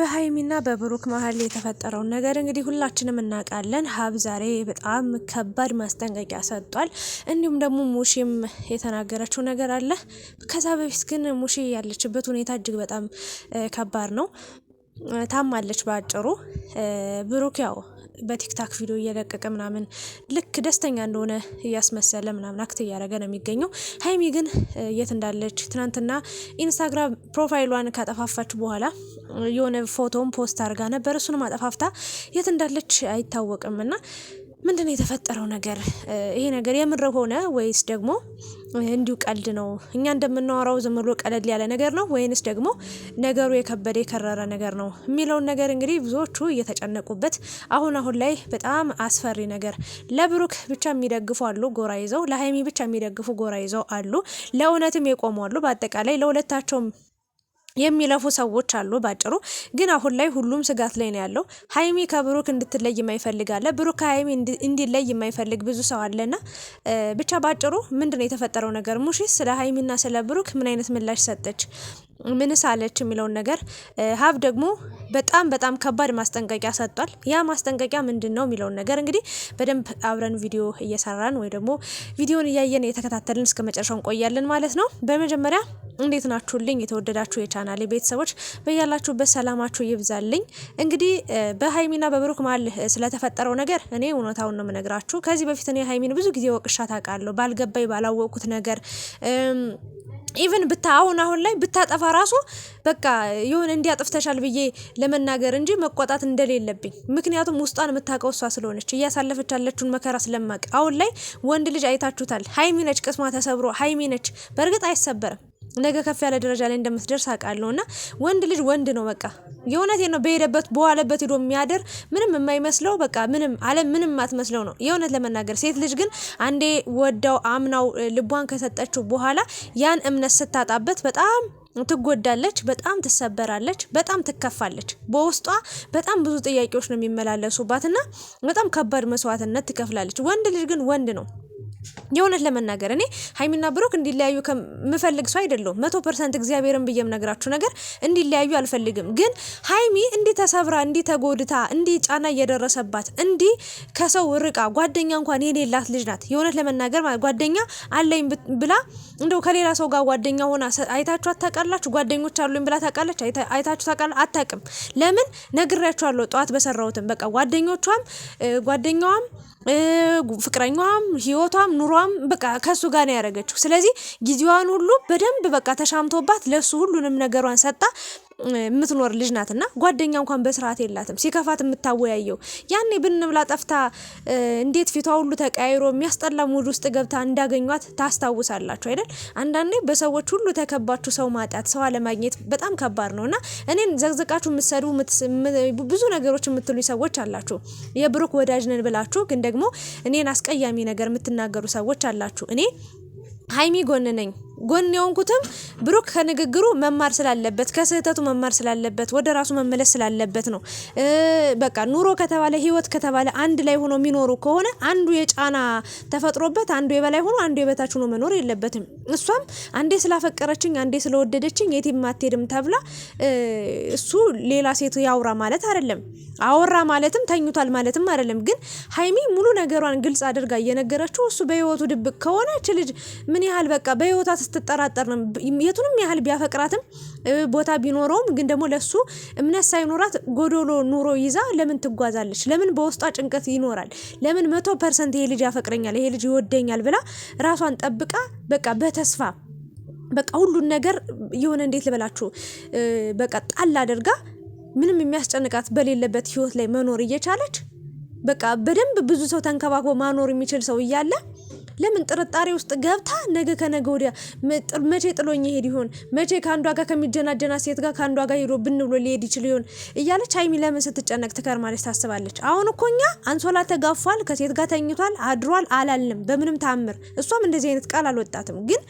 በሀይሚና በብሩክ መሀል የተፈጠረውን ነገር እንግዲህ ሁላችንም እናውቃለን። ሀብ ዛሬ በጣም ከባድ ማስጠንቀቂያ ሰጥቷል። እንዲሁም ደግሞ ሙሺም የተናገረችው ነገር አለ። ከዛ በፊት ግን ሙሺ ያለችበት ሁኔታ እጅግ በጣም ከባድ ነው። ታማለች። በአጭሩ ብሩክ ያው በቲክታክ ቪዲዮ እየለቀቀ ምናምን ልክ ደስተኛ እንደሆነ እያስመሰለ ምናምን አክት እያደረገ ነው የሚገኘው። ሀይሚ ግን የት እንዳለች ትናንትና ኢንስታግራም ፕሮፋይሏን ካጠፋፋች በኋላ የሆነ ፎቶም ፖስት አድርጋ ነበር። እሱንም አጠፋፍታ የት እንዳለች አይታወቅም እና ምንድን ነው የተፈጠረው ነገር? ይሄ ነገር የምር ሆነ ወይስ ደግሞ እንዲሁ ቀልድ ነው? እኛ እንደምናወራው ዝም ብሎ ቀለል ያለ ነገር ነው ወይንስ ደግሞ ነገሩ የከበደ የከረረ ነገር ነው የሚለውን ነገር እንግዲህ ብዙዎቹ እየተጨነቁበት አሁን አሁን ላይ በጣም አስፈሪ ነገር ለብሩክ ብቻ የሚደግፉ አሉ፣ ጎራ ይዘው ለሀይሚ ብቻ የሚደግፉ ጎራ ይዘው አሉ፣ ለእውነትም የቆሙ አሉ። በአጠቃላይ ለሁለታቸውም የሚለፉ ሰዎች አሉ። ባጭሩ ግን አሁን ላይ ሁሉም ስጋት ላይ ነው ያለው። ሀይሚ ከብሩክ እንድትለይ የማይፈልግ አለ፣ ብሩክ ከሀይሚ እንዲለይ የማይፈልግ ብዙ ሰው አለና ብቻ ባጭሩ ምንድነው የተፈጠረው ነገር? ሙሺ ስለ ሀይሚና ስለ ብሩክ ምን አይነት ምላሽ ሰጠች? ምንስ አለች የሚለውን ነገር ሀብ ደግሞ በጣም በጣም ከባድ ማስጠንቀቂያ ሰጥቷል። ያ ማስጠንቀቂያ ምንድን ነው የሚለውን ነገር እንግዲህ በደንብ አብረን ቪዲዮ እየሰራን ወይ ደግሞ ቪዲዮን እያየን እየተከታተልን እስከ መጨረሻው እንቆያለን ማለት ነው። በመጀመሪያ እንዴት ናችሁልኝ የተወደዳችሁ የቻናሌ ቤተሰቦች፣ በያላችሁበት ሰላማችሁ ይብዛልኝ። እንግዲህ በሀይሚና በብሩክ መሀል ስለተፈጠረው ነገር እኔ እውነታውን ነው የምነግራችሁ። ከዚህ በፊት እኔ ሀይሚን ብዙ ጊዜ ወቅሻ አውቃለሁ ባልገባኝ ባላወቅኩት ነገር ኢቨን ብታ አሁን አሁን ላይ ብታጠፋ ራሱ በቃ ይሁን የሆነ እንዲያጥፍተሻል ብዬ ለመናገር እንጂ መቆጣት እንደሌለብኝ፣ ምክንያቱም ውስጧን የምታውቀው እሷ ስለሆነች እያሳለፈች ያለችውን መከራ ስለማቅ። አሁን ላይ ወንድ ልጅ አይታችሁታል፣ ሀይሚ ነች ቅስሟ ተሰብሮ ሀይሚ ነች። በእርግጥ አይሰበርም ነገ ከፍ ያለ ደረጃ ላይ እንደምትደርስ አውቃለሁ። እና ወንድ ልጅ ወንድ ነው በቃ የእውነት ነው። በሄደበት በዋለበት ሄዶ የሚያደር ምንም የማይመስለው በቃ ምንም ዓለም ምንም የማትመስለው ነው የእውነት ለመናገር። ሴት ልጅ ግን አንዴ ወዳው አምናው ልቧን ከሰጠችው በኋላ ያን እምነት ስታጣበት በጣም ትጎዳለች፣ በጣም ትሰበራለች፣ በጣም ትከፋለች። በውስጧ በጣም ብዙ ጥያቄዎች ነው የሚመላለሱባት እና በጣም ከባድ መስዋዕትነት ትከፍላለች። ወንድ ልጅ ግን ወንድ ነው። የእውነት ለመናገር እኔ ሀይሚና ብሩክ እንዲለያዩ ከምፈልግ ሰው አይደለሁም። መቶ ፐርሰንት እግዚአብሔርን ብዬ ነግራችሁ ነገር እንዲለያዩ አልፈልግም። ግን ሀይሚ እንዲህ ተሰብራ፣ እንዲህ ተጎድታ፣ እንዲህ ጫና እየደረሰባት፣ እንዲህ ከሰው ርቃ ጓደኛ እንኳን የሌላት ልጅ ናት። የእውነት ለመናገር ጓደኛ አለኝ ብላ እንደው ከሌላ ሰው ጋር ጓደኛ ሆና አይታችሁ አታውቃላችሁ? ጓደኞች አሉኝ ብላ ታውቃለች? አይታችሁ ታውቃል? አታውቅም። ለምን ነግሬያችኋለሁ፣ ጠዋት በሰራሁትም በቃ ጓደኞቿም ጓደኛዋም ፍቅረኛዋም ህይወቷም ስራዋም ኑሯም በቃ ከሱ ጋር ነው ያደረገችው። ስለዚህ ጊዜዋን ሁሉ በደንብ በቃ ተሻምቶባት ለሱ ሁሉንም ነገሯን ሰጣ የምትኖር ልጅ ናት እና ጓደኛ እንኳን በስርዓት የላትም። ሲከፋት የምታወያየው ያኔ ብንብላ ጠፍታ እንዴት ፊቷ ሁሉ ተቀያይሮ የሚያስጠላ ሙድ ውስጥ ገብታ እንዳገኟት ታስታውሳላችሁ አይደል? አንዳንዴ በሰዎች ሁሉ ተከባችሁ ሰው ማጣት ሰው አለማግኘት በጣም ከባድ ነው እና እኔን ዘቅዘቃችሁ የምትሰዱ ብዙ ነገሮች የምትሉኝ ሰዎች አላችሁ። የብሩክ ወዳጅ ነን ብላችሁ ግን ደግሞ እኔን አስቀያሚ ነገር የምትናገሩ ሰዎች አላችሁ። እኔ ሀይሚ ጎን ነኝ። ጎን የሆንኩትም ብሩክ ከንግግሩ መማር ስላለበት ከስህተቱ መማር ስላለበት ወደ ራሱ መመለስ ስላለበት ነው። በቃ ኑሮ ከተባለ ህይወት ከተባለ አንድ ላይ ሆኖ የሚኖሩ ከሆነ አንዱ የጫና ተፈጥሮበት አንዱ የበላይ ሆኖ አንዱ የበታች ሆኖ መኖር የለበትም። እሷም አንዴ ስላፈቀረችኝ አንዴ ስለወደደችኝ የትም አትሄድም ተብላ እሱ ሌላ ሴት ያውራ ማለት አይደለም። አወራ ማለትም ተኝቷል ማለትም አይደለም። ግን ሀይሚ ሙሉ ነገሯን ግልጽ አድርጋ እየነገረችው እሱ በህይወቱ ድብቅ ከሆነች ልጅ ምን ያህል በቃ በህይወቷ ስትጠራጠር ነው። የቱንም ያህል ቢያፈቅራትም ቦታ ቢኖረውም ግን ደግሞ ለሱ እምነት ሳይኖራት ጎዶሎ ኑሮ ይዛ ለምን ትጓዛለች? ለምን በውስጧ ጭንቀት ይኖራል? ለምን መቶ ፐርሰንት ይሄ ልጅ ያፈቅረኛል፣ ይሄ ልጅ ይወደኛል ብላ ራሷን ጠብቃ በቃ በተስፋ በቃ ሁሉን ነገር የሆነ እንዴት ልበላችሁ በቃ ጣል አድርጋ ምንም የሚያስጨንቃት በሌለበት ህይወት ላይ መኖር እየቻለች በቃ በደንብ ብዙ ሰው ተንከባክቦ ማኖር የሚችል ሰው እያለ ለምን ጥርጣሬ ውስጥ ገብታ ነገ ከነገ ወዲያ መቼ ጥሎኝ ይሄድ ይሆን መቼ ከአንዷ ጋር ከሚጀናጀና ሴት ጋር ከአንዷ ጋር ሄዶ ብን ብሎ ሊሄድ ይችል ይሆን እያለች ሀይሚ ለምን ስትጨነቅ ትከርማለች ታስባለች። አሁን እኮ እኛ አንሶላ ተጋፏል፣ ከሴት ጋር ተኝቷል፣ አድሯል አላልንም በምንም ታምር። እሷም እንደዚህ አይነት ቃል አልወጣትም። ግን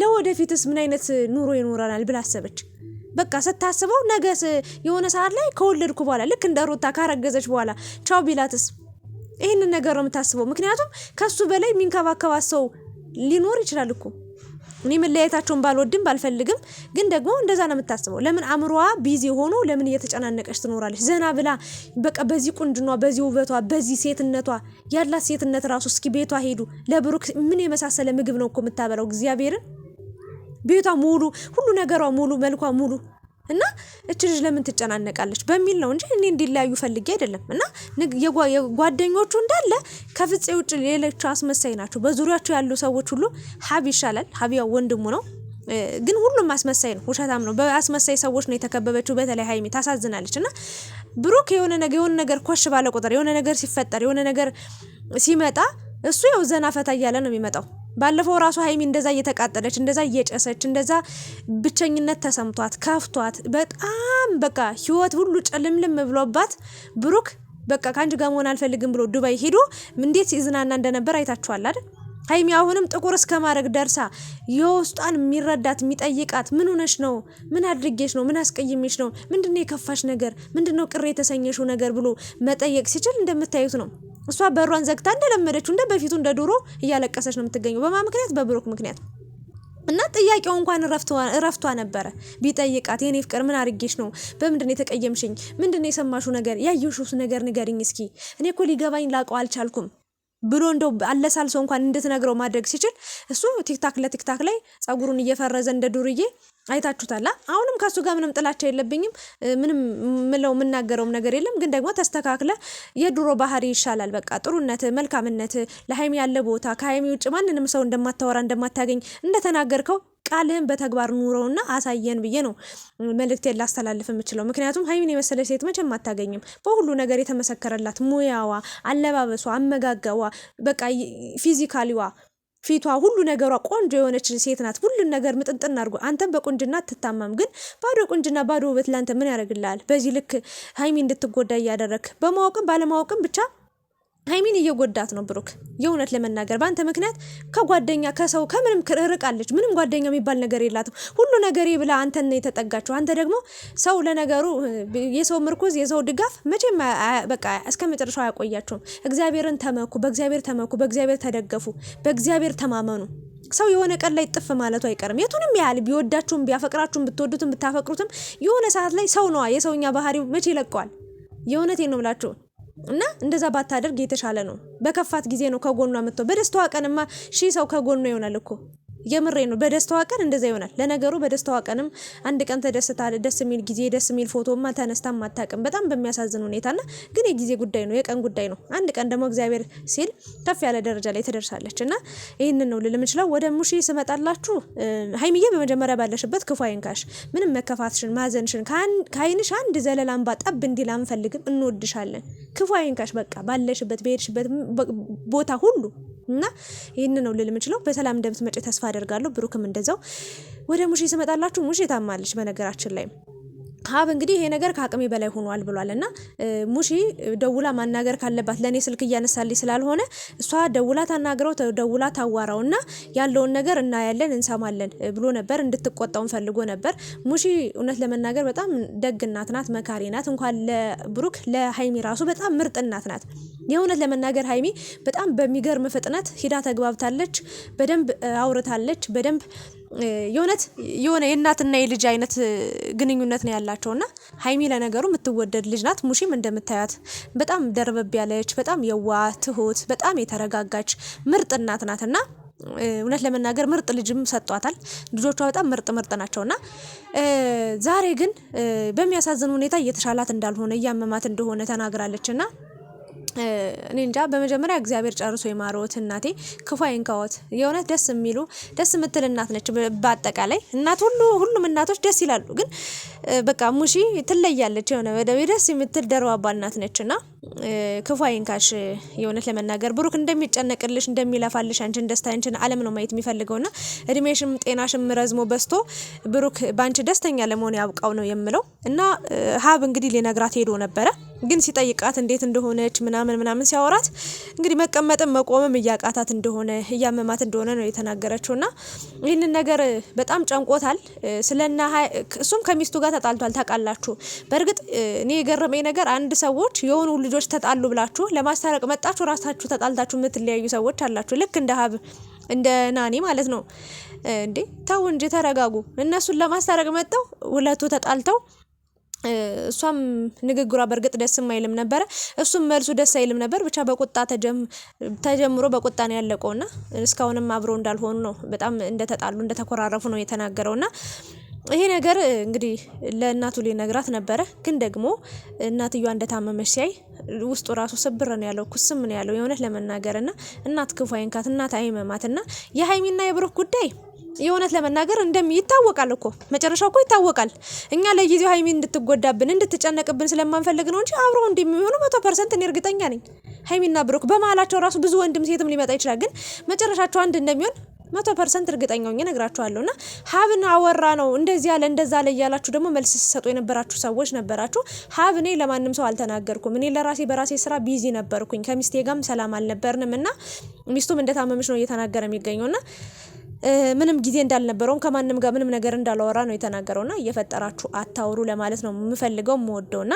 ለወደፊትስ ምን አይነት ኑሮ ይኖረናል ብላ አሰበች። በቃ ስታስበው ነገ የሆነ ሰዓት ላይ ከወለድኩ በኋላ ልክ እንደ ሩታ ካረገዘች በኋላ ቻው ቢላትስ ይህንን ነገር ነው የምታስበው። ምክንያቱም ከሱ በላይ የሚንከባከባ ሰው ሊኖር ይችላል እኮ እኔ መለያየታቸውን ባልወድም ባልፈልግም፣ ግን ደግሞ እንደዛ ነው የምታስበው። ለምን አእምሮዋ ቢዚ ሆኖ ለምን እየተጨናነቀች ትኖራለች? ዘና ብላ በቃ በዚህ ቁንድኗ በዚህ ውበቷ፣ በዚህ ሴትነቷ ያላት ሴትነት ራሱ እስኪ ቤቷ ሄዱ ለብሩክ ምን የመሳሰለ ምግብ ነው እኮ የምታበላው እግዚአብሔርን ቤቷ ሙሉ ሁሉ ነገሯ ሙሉ መልኳ ሙሉ እና እች ልጅ ለምን ትጨናነቃለች በሚል ነው እንጂ እኔ እንዲለያዩ ፈልጌ አይደለም። እና ጓደኞቹ እንዳለ ከፍፄ ውጭ ሌሎቹ አስመሳይ ናቸው። በዙሪያቸው ያሉ ሰዎች ሁሉ ሀብ ይሻላል። ያው ወንድሙ ነው ግን ሁሉም አስመሳይ ነው፣ ውሸታም ነው። በአስመሳይ ሰዎች ነው የተከበበችው። በተለይ ሀይሚ ታሳዝናለች። እና ብሩክ የሆነ ነገር የሆነ ነገር ኮሽ ባለ ቁጥር የሆነ ነገር ሲፈጠር የሆነ ነገር ሲመጣ እሱ ያው ዘና ፈታ እያለ ነው የሚመጣው። ባለፈው ራሱ ሀይሚ እንደዛ እየተቃጠለች እንደዛ እየጨሰች እንደዛ ብቸኝነት ተሰምቷት ከፍቷት በጣም በቃ ህይወት ሁሉ ጨልምልም ብሎባት ብሩክ በቃ ከአንቺ ጋር መሆን አልፈልግም ብሎ ዱባይ ሄዶ እንዴት ሲዝናና እንደነበር አይታችኋል አይደል? ሀይሚ አሁንም ጥቁር እስከ ማድረግ ደርሳ የውስጧን የሚረዳት የሚጠይቃት ምን ሆነሽ ነው? ምን አድርጌሽ ነው? ምን አስቀይሜሽ ነው? ምንድነው የከፋሽ ነገር? ምንድነው ቅሬ የተሰኘሽው ነገር ብሎ መጠየቅ ሲችል እንደምታዩት ነው። እሷ በሯን ዘግታ እንደለመደችው እንደ በፊቱ እንደ ዶሮ እያለቀሰች ነው የምትገኘው። በማ ምክንያት? በብሩክ ምክንያት እና ጥያቄው እንኳን እረፍቷ ነበረ ቢጠይቃት፣ የኔ ፍቅር ምን አርጌሽ ነው? በምንድን የተቀየምሽኝ? ምንድን የሰማሹ ነገር ያየሽው ነገር ንገርኝ እስኪ እኔ እኮ ሊገባኝ ላቀው አልቻልኩም ብሎ እንደው አለሳልሶ እንኳን እንድትነግረው ማድረግ ሲችል እሱ ቲክታክ ለቲክታክ ላይ ጸጉሩን እየፈረዘ እንደ ዱርዬ አይታችሁታላ። አሁንም ከሱ ጋር ምንም ጥላቻ የለብኝም። ምንም ምለው የምናገረውም ነገር የለም። ግን ደግሞ ተስተካክለ የድሮ ባህሪ ይሻላል። በቃ ጥሩነት፣ መልካምነት፣ ለሀይሚ ያለ ቦታ ከሀይሚ ውጭ ማንንም ሰው እንደማታወራ እንደማታገኝ እንደተናገርከው ቃልህን በተግባር ኑረውና አሳየን ብዬ ነው መልእክቴን ላስተላልፍ የምችለው። ምክንያቱም ሀይሚን የመሰለች ሴት መቼም አታገኝም። በሁሉ ነገር የተመሰከረላት ሙያዋ፣ አለባበሷ፣ አመጋገቧ፣ በቃ ፊዚካሊዋ ፊቷ ሁሉ ነገሯ ቆንጆ የሆነችን ሴት ናት። ሁሉን ነገር ምጥንጥን አድርጎ አንተም በቁንጅና ትታማም ግን ባዶ ቁንጅና ባዶ ውበት ለአንተ ምን ያደርግልሃል? በዚህ ልክ ሀይሚ እንድትጎዳ እያደረግ በማወቅም ባለማወቅም ብቻ ሀይሚን እየጎዳት ነው ብሩክ። የእውነት ለመናገር በአንተ ምክንያት ከጓደኛ ከሰው ከምንም ርቃለች። ምንም ጓደኛ የሚባል ነገር የላትም። ሁሉ ነገር ብላ አንተ ነው የተጠጋችው። አንተ ደግሞ ሰው ለነገሩ የሰው ምርኩዝ የሰው ድጋፍ መቼም በቃ እስከ መጨረሻው አያቆያቸውም። እግዚአብሔርን ተመኩ፣ በእግዚአብሔር ተመኩ፣ በእግዚአብሔር ተደገፉ፣ በእግዚአብሔር ተማመኑ። ሰው የሆነ ቀን ላይ ጥፍ ማለቱ አይቀርም። የቱንም ያህል ቢወዳችሁም ቢያፈቅራችሁም ብትወዱትም ብታፈቅሩትም የሆነ ሰዓት ላይ ሰው ነዋ። የሰውኛ ባህሪው መቼ ይለቀዋል? የእውነቴን ነው ብላችሁ እና እንደዛ ባታደርግ የተሻለ ነው። በከፋት ጊዜ ነው ከጎኗ መጥቶ፣ በደስታዋ ቀንማ ሺህ ሰው ከጎኗ ይሆናል እኮ። የምሬ ነው። በደስታዋ ቀን እንደዛ ይሆናል። ለነገሩ በደስታዋ ቀንም አንድ ቀን ተደስታ ደስ የሚል ጊዜ ደስ የሚል ፎቶማ ተነስታ ማታቅም በጣም በሚያሳዝን ሁኔታና ግን የጊዜ ጉዳይ ነው፣ የቀን ጉዳይ ነው። አንድ ቀን ደግሞ እግዚአብሔር ሲል ከፍ ያለ ደረጃ ላይ ትደርሳለች እና ይህንን ነው ልል የምችለው። ወደ ሙሺ ስመጣላችሁ ሀይሚዬ፣ በመጀመሪያ ባለሽበት ክፉ አይንካሽ። ምንም መከፋትሽን ማዘንሽን ከአይንሽ አንድ ዘለላ እንባ ጠብ እንዲል አንፈልግም። እንወድሻለን። ክፉ አይንካሽ። በቃ ባለሽበት በሄድሽበት ቦታ ሁሉ እና ይህን ነው ልል የምችለው። በሰላም እንደምትመጪ ተስፋ አደርጋለሁ። ብሩክም እንደዛው። ወደ ሙሼ ስመጣላችሁ ሙሼ ታማለች በነገራችን ላይ ሀብ እንግዲህ ይሄ ነገር ከአቅሜ በላይ ሆኗል ብሏል እና ሙሺ ደውላ ማናገር ካለባት ለእኔ ስልክ እያነሳልኝ ስላልሆነ እሷ ደውላ ታናግረው ደውላ ታዋራው እና ያለውን ነገር እናያለን እንሰማለን ብሎ ነበር። እንድትቆጣውን ፈልጎ ነበር። ሙሺ እውነት ለመናገር በጣም ደግ እናት ናት፣ መካሪ ናት። እንኳን ለብሩክ ለሀይሚ ራሱ በጣም ምርጥ እናት ናት። የእውነት ለመናገር ሀይሚ በጣም በሚገርም ፍጥነት ሂዳ ተግባብታለች። በደንብ አውርታለች። በደንብ የእውነት የሆነ የእናትና የልጅ አይነት ግንኙነት ነው ያላቸው እና ሀይሚ ለነገሩ የምትወደድ ልጅ ናት። ሙሺም እንደምታያት በጣም ደርበብ ያለች፣ በጣም የዋ ትሁት፣ በጣም የተረጋጋች ምርጥ እናት ናት እና እውነት ለመናገር ምርጥ ልጅም ሰጧታል። ልጆቿ በጣም ምርጥ ምርጥ እና ዛሬ ግን በሚያሳዝን ሁኔታ እየተሻላት እንዳልሆነ እያመማት እንደሆነ ተናግራለችና እኔ እንጃ። በመጀመሪያ እግዚአብሔር ጨርሶ የማረዎት እናቴ፣ ክፉ አይንካዎት። የእውነት ደስ የሚሉ ደስ የምትል እናት ነች። በአጠቃላይ እናት ሁሉ ሁሉም እናቶች ደስ ይላሉ፣ ግን በቃ ሙሺ ትለያለች። የሆነ በደቤ ደስ የምትል ደርባባ እናት ነች እና ክፉ አይንካሽ። የእውነት ለመናገር ብሩክ እንደሚጨነቅልሽ እንደሚለፋልሽ አንቺን ደስታ አንቺን አለም ነው ማየት የሚፈልገውና እድሜሽም ጤናሽም ረዝሞ በስቶ ብሩክ በአንቺ ደስተኛ ለመሆን ያውቃው ነው የምለው እና ሀብ እንግዲህ ሊነግራት ሄዶ ነበረ ግን ሲጠይቃት እንዴት እንደሆነች ምናምን ምናምን ሲያወራት እንግዲህ መቀመጥም መቆምም እያቃታት እንደሆነ እያመማት እንደሆነ ነው የተናገረችው። ና ይህንን ነገር በጣም ጨንቆታል። ስለና እሱም ከሚስቱ ጋር ተጣልቷል። ታውቃላችሁ። በእርግጥ እኔ የገረመኝ ነገር አንድ ሰዎች የሆኑ ልጆች ተጣሉ ብላችሁ ለማስታረቅ መጣችሁ ራሳችሁ ተጣልታችሁ የምትለያዩ ሰዎች አላችሁ። ልክ እንደ ሀብ እንደ ናኒ ማለት ነው። እንዴ ተው እንጂ ተረጋጉ። እነሱን ለማስታረቅ መጠው ሁለቱ ተጣልተው እሷም ንግግሯ በእርግጥ ደስ አይልም ነበረ፣ እሱም መልሱ ደስ አይልም ነበር። ብቻ በቁጣ ተጀምሮ በቁጣ ነው ያለቀው ና እስካሁንም አብሮ እንዳልሆኑ ነው በጣም እንደተጣሉ እንደተኮራረፉ ነው የተናገረው ና ይሄ ነገር እንግዲህ ለእናቱ ሊነግራት ነበረ፣ ግን ደግሞ እናትየዋ እንደታመመች ሲያይ ውስጡ ራሱ ስብር ነው ያለው፣ ኩስም ነው ያለው የእውነት ለመናገር ና እናት ክፉ አይንካት፣ እናት አይመማት ና የሀይሚና የብሩክ ጉዳይ የእውነት ለመናገር እንደሚ ይታወቃል እኮ መጨረሻው እኮ ይታወቃል። እኛ ለጊዜው ሀይሚ እንድትጎዳብን እንድትጨነቅብን ስለማንፈልግ ነው እንጂ አብረው እንደሚሆኑ መቶ ፐርሰንት እኔ እርግጠኛ ነኝ። ሀይሚና ብሩክ በመሀላቸው ራሱ ብዙ ወንድም ሴትም ሊመጣ ይችላል፣ ግን መጨረሻቸው አንድ እንደሚሆን መቶ ፐርሰንት እርግጠኛ ሆኜ እነግራችኋለሁ። እና ሀብን አወራ ነው እንደዚህ ያለ እንደዛ ላይ እያላችሁ ደግሞ መልስ ሲሰጡ የነበራችሁ ሰዎች ነበራችሁ። ሀብ እኔ ለማንም ሰው አልተናገርኩም። እኔ ለራሴ በራሴ ስራ ቢዚ ነበርኩኝ። ከሚስቴ ጋርም ሰላም አልነበርንም እና ሚስቱም እንደታመመች ነው እየተናገረ የሚገኘው እና ምንም ጊዜ እንዳልነበረውም ከማንም ጋር ምንም ነገር እንዳላወራ ነው የተናገረውና እየፈጠራችሁ አታውሩ ለማለት ነው የምፈልገው የምወደውና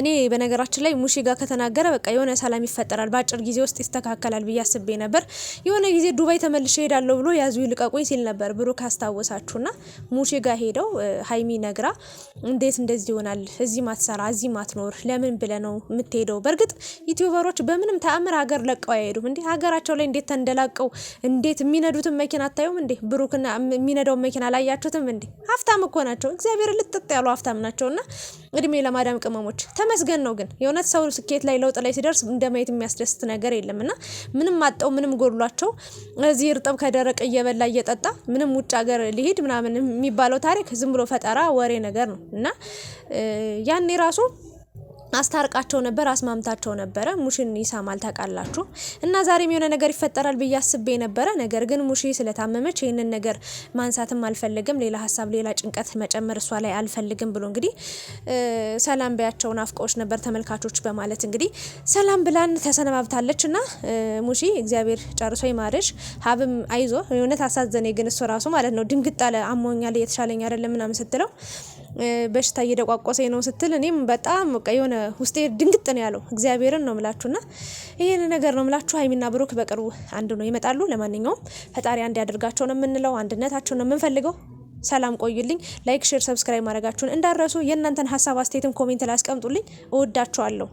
እኔ በነገራችን ላይ ሙሺ ጋር ከተናገረ በቃ የሆነ ሰላም ይፈጠራል፣ በአጭር ጊዜ ውስጥ ይስተካከላል ብዬ አስቤ ነበር። የሆነ ጊዜ ዱባይ ተመልሼ ሄዳለሁ ብሎ ያዙ ይልቀቁኝ ሲል ነበር ካስታወሳችሁ ና ሙሺ ጋር ሄደው ሀይሚ ነግራ እንዴት እንደዚህ ይሆናል፣ እዚህ ማትሰራ፣ እዚህ ማትኖር ለምን ብለ ነው የምትሄደው? በእርግጥ ዩቲዩበሮች በምንም ተአምር ሀገር ለቀው አይሄዱም እንዴ! ሀገራቸው ላይ እንዴት ተንደላቀው እንዴት የሚነዱትን መኪና አታዩም እንዴ? ብሩክና የሚነዳውን መኪና ላያችሁትም እንዴ? ሀብታም እኮ ናቸው። እግዚአብሔር ልጥጥ ያሉ ሀብታም ናቸውና እድሜ ለማዳም ቅመሞች መመስገን ነው። ግን የእውነት ሰው ስኬት ላይ ለውጥ ላይ ሲደርስ እንደማየት የሚያስደስት ነገር የለም እና ምንም አጠው ምንም ጎድሏቸው እዚህ እርጥብ ከደረቅ እየበላ እየጠጣ ምንም ውጭ ሀገር ሊሄድ ምናምን የሚባለው ታሪክ ዝም ብሎ ፈጠራ ወሬ ነገር ነው እና ያኔ ራሱ አስታርቃቸው ነበር፣ አስማምታቸው ነበረ። ሙሽን ይሳማል ታውቃላችሁ። እና ዛሬም የሆነ ነገር ይፈጠራል ብዬ አስቤ ነበረ። ነገር ግን ሙሽ ስለታመመች ይህንን ነገር ማንሳትም አልፈልግም፣ ሌላ ሀሳብ፣ ሌላ ጭንቀት መጨመር እሷ ላይ አልፈልግም ብሎ እንግዲህ ሰላም በያቸው ናፍቆች ነበር ተመልካቾች በማለት እንግዲህ ሰላም ብላን ተሰነባብታለች። እና ሙሺ እግዚአብሔር ጨርሶ ይማርሽ፣ ሀብም አይዞ የእውነት አሳዘነ። ግን እሱ ራሱ ማለት ነው ድንግጥ አለ፣ አሞኛል፣ እየተሻለኝ አይደለም ምናምን ስትለው በሽታ እየደቋቆሰኝ ነው ስትል እኔም በጣም በቃ የሆነ ውስጤ ድንግጥ ነው ያለው። እግዚአብሔርን ነው ምላችሁና ይህን ነገር ነው ምላችሁ። ሀይሚና ብሩክ በቅርቡ አንድ ነው ይመጣሉ። ለማንኛውም ፈጣሪ አንድ ያደርጋቸው ነው የምንለው፣ አንድነታቸው ነው የምንፈልገው። ሰላም ቆዩልኝ። ላይክ፣ ሼር፣ ሰብስክራይብ ማድረጋችሁን እንዳረሱ። የእናንተን ሀሳብ አስተያየትም ኮሜንት ላይ አስቀምጡልኝ። እወዳችኋለሁ።